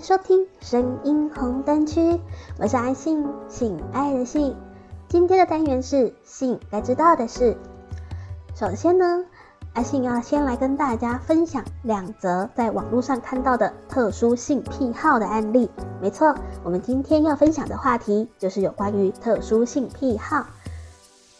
收聽聲音紅燈區，我是阿性，性愛的性，今天的單元是性該知道的事。首先呢，阿性要先來跟大家分享兩則在網絡上看到的特殊性癖好的案例。沒錯，我們今天要分享的話題就是有關於特殊性癖好。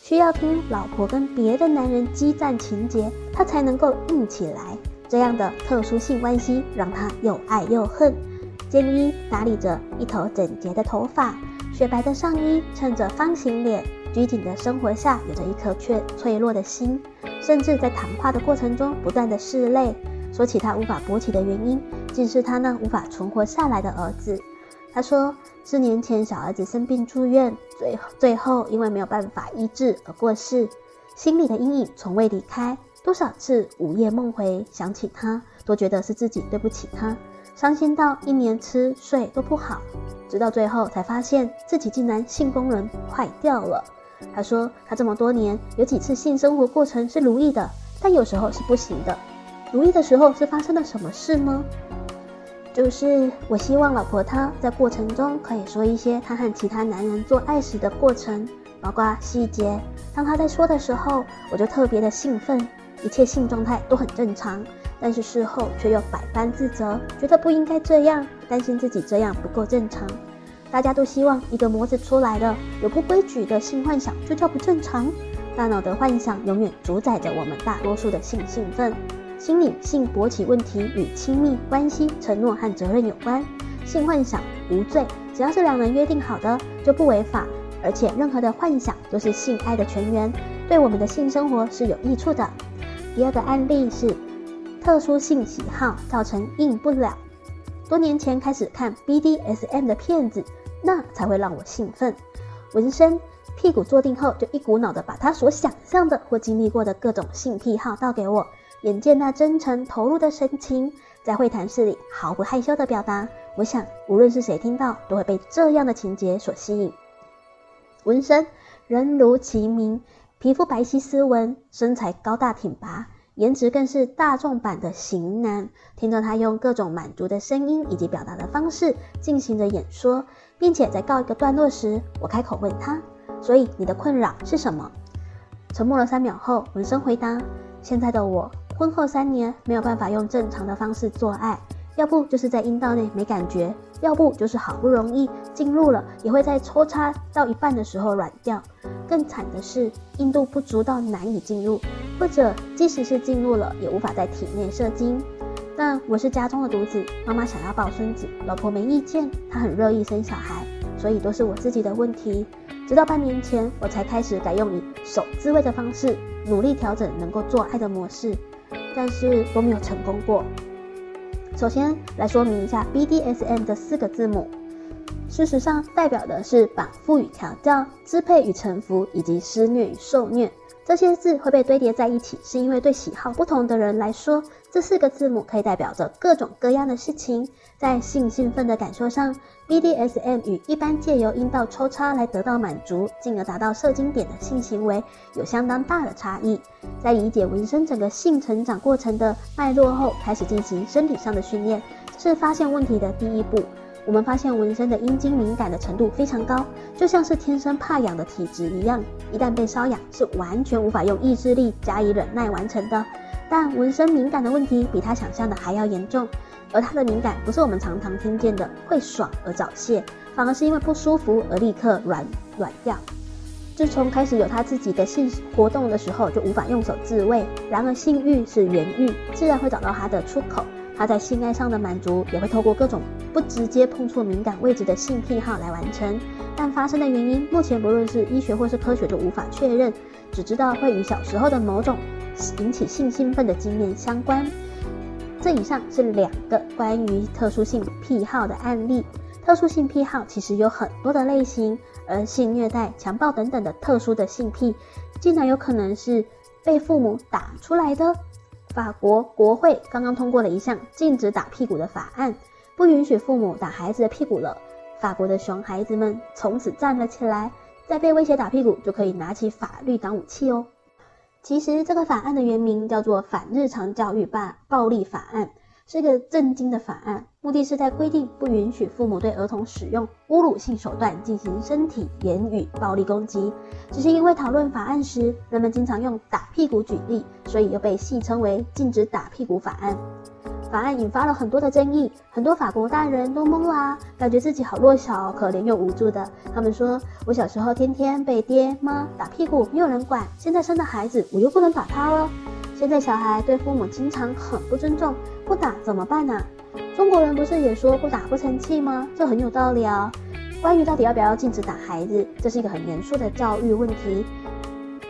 需要聽老婆跟別的男人激戰情節，他才能夠硬起來。這樣的特殊性關係讓他又愛又恨。建一打理着一頭整潔的頭髮，雪白的上衣襯着方形臉。拘謹的生活下，有着一顆卻脆弱的心，甚至在談話的過程中不斷的拭淚。說起他無法勃起的原因，竟是他那無法存活下來的兒子。他說，四年前小兒子生病住院，最最後因為沒有辦法醫治而過世，心裡的陰影從未離開。多少次午夜夢回想起他，都覺得是自己對不起他。傷心到一年吃睡都不好，直到最後才發現自己竟然性功能壞掉了。他說，他這麼多年有幾次性生活過程是如意的，但有時候是不行的。如意的時候是發生了什麼事嗎？就是我希望老婆她在過程中可以說一些她和其他男人做愛時的過程。八卦細節，當他在說的時候，我就特別的興奮，一切性狀態都很正常，但是事後卻又百般自責，覺得不應該這樣，擔心自己這樣不夠正常。大家都希望一個模子出來的，有不規矩的性幻想就叫不正常。大腦的幻想永遠主宰着我們大多數的性興奮。心理性勃起問題與親密關係、承諾和責任有關。性幻想無罪，只要是兩人約定好的，就不違法。而且任何的幻想都是性愛的泉源，對我們的性生活是有益處的。第二個案例是特殊性喜好造成硬不了。多年前開始看 BDSM 的片子，那才會讓我興奮。紋身，屁股坐定後就一股腦的把他所想象的或經歷過的各種性癖好倒給我。眼見那真誠投入的神情，在會談室裡毫不害羞的表達，我想無論是誰聽到都會被這樣的情節所吸引。文生，人如其名，皮膚白皙，斯文，身材高大挺拔，顏值更是大眾版的型男。聽着他用各種滿足的聲音以及表達的方式進行着演說，並且在告一個段落時，我開口問他：“所以你的困擾是什麼？”沉默了三秒後，文生回答：“現在的我，婚後三年，沒有辦法用正常的方式做愛，要不就是在陰道內沒感覺。”要不就是好不容易進入了，也會在抽插到一半的時候軟掉；更慘的是硬度不足到難以進入，或者即使是進入了，也無法在體內射精。但我是家中的獨子，媽媽想要抱孫子，老婆沒意見，她很樂意生小孩，所以都是我自己的問題。直到半年前，我才開始改用以手自慰的方式，努力調整能夠做愛的模式，但是都沒有成功過。首先來說明一下 BDSM 的四個字母，事實上代表的是綁縛與調教、支配與臣服，以及施虐與受虐。這些字會被堆疊在一起，是因為對喜好不同的人來說，這四個字母可以代表着各種各樣的事情。在性興奮的感受上，BDSM 與一般借由陰道抽插來得到滿足，進而達到射精點的性行為有相當大的差異。在理解紋身整個性成長過程的脈絡後，開始進行身體上的訓練，是發現問題的第一步。我們發現紋身的陰莖敏感的程度非常高，就像是天生怕癢的體質一樣，一旦被瘙癢，是完全無法用意志力加以忍耐完成的。但紋身敏感的問題比他想象的還要嚴重，而他的敏感不是我們常常聽見的會爽而早洩，反而是因為不舒服而立刻軟軟掉。自從開始有他自己的性活動的時候，就無法用手自慰。然而性慾是原慾，自然會找到他的出口。他在性愛上的滿足也會透過各種不直接碰觸敏感位置的性癖好來完成，但發生的原因目前不論是醫學或是科學就無法確認，只知道會與小時候的某種引起性興奮的經驗相關。這以上是兩個關於特殊性癖好的案例，特殊性癖好其實有很多的類型，而性虐待、強暴、等等的特殊的性癖，竟然有可能是被父母打出來的。法國國會剛剛通過了一項禁止打屁股的法案，不允許父母打孩子的屁股了。法國的熊孩子們從此站了起來，再被威脅打屁股就可以拿起法律當武器哦。其實這個法案的原名叫做《反日常教育霸暴力法案》。是個震驚的法案，目的是在規定不允許父母對兒童使用侮辱性手段進行身體、言語、暴力攻擊。只是因為討論法案時，人們經常用打屁股舉例，所以又被戲稱為“禁止打屁股法案”。法案引發了很多的爭議，很多法國大人都懵啦、啊，感覺自己好弱小、可憐又無助的。他們說：“我小時候天天被爹媽打屁股，沒有人管，現在生了孩子，我又不能打他了、哦。”現在小孩對父母經常很不尊重，不打怎麼辦呢、啊？中國人不是也說不打不成器嗎？這很有道理哦。關於到底要不要禁止打孩子，這是一個很嚴肅的教育問題，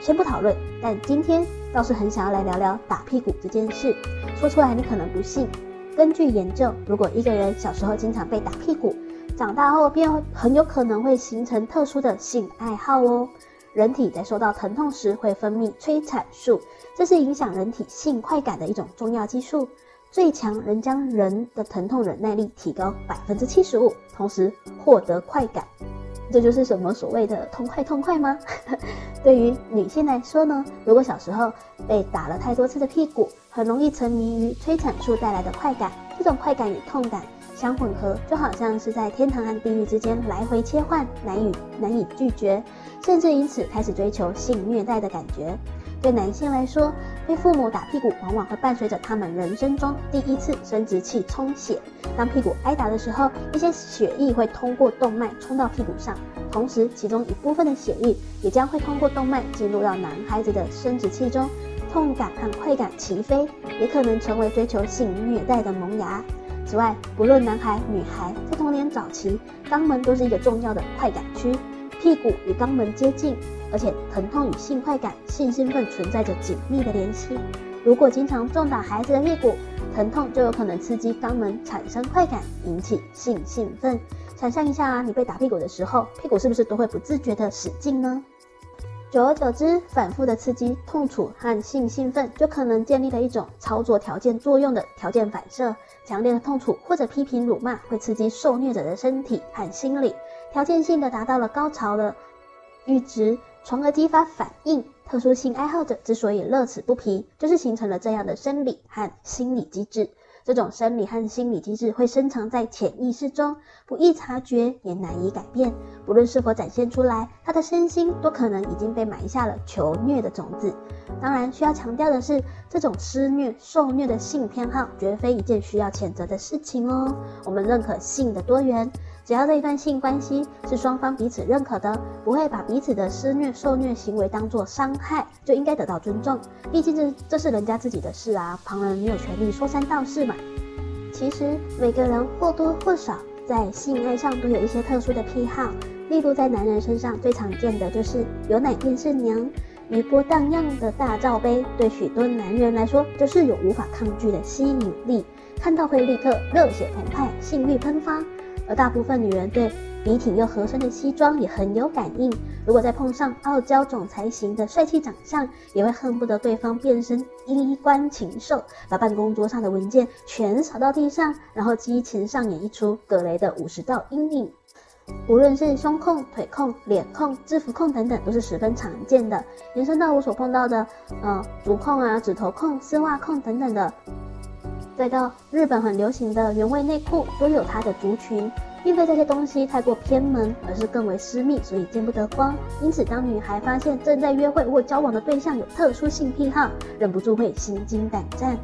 先不討論。但今天倒是很想要來聊聊打屁股這件事。說出來你可能不信，根據研究，如果一個人小時候經常被打屁股，長大後便很有可能會形成特殊的性愛好哦。人體在受到疼痛時會分泌催產素，這是影響人體性快感的一種重要激素。最強能將人的疼痛忍耐力提高百分之七十五，同時獲得快感。這就是什麼所謂的痛快痛快嗎？ 對於女性來說呢，如果小時候被打了太多次的屁股，很容易沉迷於催產素帶來的快感，這種快感與痛感。相混合，就好像是在天堂和地獄之間來回切換，難以難以拒絕，甚至因此開始追求性虐待的感覺。對男性來說，被父母打屁股往往會伴隨着他們人生中第一次生殖器充血。當屁股挨打的時候，一些血液會通過動脈衝到屁股上，同時其中一部分的血液也將會通過動脈進入到男孩子的生殖器中，痛感和快感齊飛，也可能成為追求性虐待的萌芽。此外，不論男孩女孩，在童年早期，肛門都是一個重要的快感區，屁股與肛門接近，而且疼痛與性快感、性興奮存在着緊密的聯繫。如果經常重打孩子的屁股，疼痛就有可能刺激肛門產生快感，引起性興奮。想象一下啊，你被打屁股的時候，屁股是不是都會不自覺的使勁呢？久而久之，反覆的刺激、痛楚和性興奮，就可能建立了一種操作條件作用的條件反射。強烈的痛楚或者批評辱罵會刺激受虐者的身體和心理，條件性的達到了高潮的閾值，從而激發反應。特殊性愛好者之所以樂此不疲，就是形成了這樣的生理和心理機制。這種生理和心理機制會深藏在潛意識中，不易察覺，也難以改變。不論是否展現出來，他的身心都可能已經被埋下了求虐的種子。當然，需要強調的是，這種施虐受虐的性偏好絕非一件需要譴責的事情哦。我們認可性的多元。只要這一段性關係是雙方彼此認可的，不會把彼此的施虐受虐行為當作傷害，就應該得到尊重。畢竟這這是人家自己的事啊，旁人沒有權利說三道四嘛。其實每個人或多或少在性愛上都有一些特殊的癖好，例如在男人身上最常見的就是有奶便是娘，餘波蕩漾的大罩杯，對許多男人來說就是有無法抗拒的吸引力，看到會立刻熱血澎湃，性慾噴發。而大部分女人對筆挺又合身的西裝也很有感應，如果再碰上傲嬌總裁型的帥氣長相，也會恨不得對方變身衣冠禽獸，把辦公桌上的文件全掃到地上，然後激情上演一出《葛雷的五十道陰影》。無論是胸控、腿控、臉控、制服控等等，都是十分常見的。延伸到我所碰到的，呃，足控啊、指頭控、絲襪控等等的。再到日本很流行的原味內褲，都有它的族群，並非這些東西太過偏門，而是更為私密，所以見不得光。因此，當女孩發現正在約會或交往的對象有特殊性癖好，忍不住會心驚膽戰。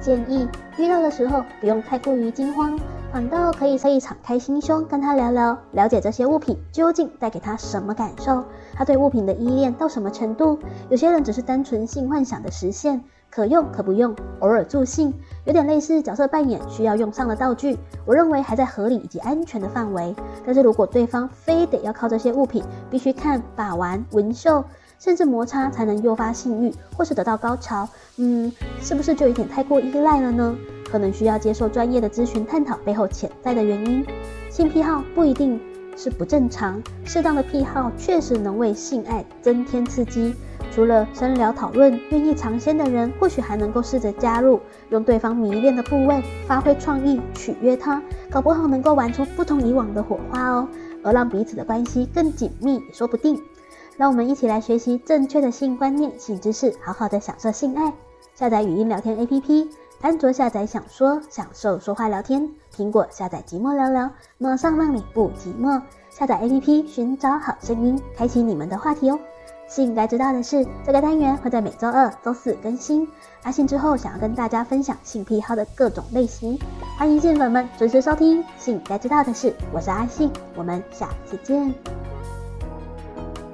建議遇到的時候，不用太過於驚慌，反倒可以特意敞開心胸跟他聊聊，了解這些物品究竟帶給他什麼感受，他對物品的依戀到什麼程度。有些人只是單純性幻想的實現。可用可不用，偶爾助興，有點類似角色扮演需要用上的道具。我認為還在合理以及安全的範圍。但是如果對方非得要靠這些物品，必須看、把玩、聞嗅，甚至摩擦才能誘發性慾或是得到高潮，嗯，是不是就有點太過依賴了呢？可能需要接受專業的諮詢，探討背後潛在的原因。性癖好不一定是不正常，適當的癖好確實能為性愛增添刺激。除了深聊討論，願意嘗鮮的人或許還能夠試着加入，用對方迷戀的部位發揮創意取悅他，搞不好能夠玩出不同以往的火花哦，而讓彼此的關係更緊密也說不定。讓我們一起來學習正確的性觀念、性知識，好好的享受性愛。下載語音聊天 APP，安卓下載享說享受說話聊天，蘋果下載寂寞聊聊，馬上讓你不寂寞。下載 APP 尋找好聲音，開啟你們的話題哦。性該知道的事，這個單元會在每週二、週四更新。阿性之後想要跟大家分享性癖好的各種類型，歡迎性粉們準時收聽《性該知道的事》。我是阿性，我們下次見。